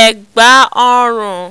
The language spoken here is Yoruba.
ẹ̀gbá ọrùn